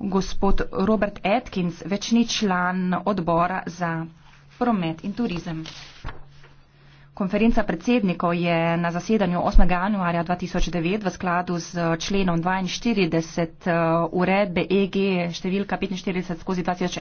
Gospod Robert Atkins, večni član odbora za promet in turizem. Konferenca predsednikov je na zasedanju 8. januarja 2009 v skladu z členom 42 uh, uredbe EG številka 45 skozi 2001.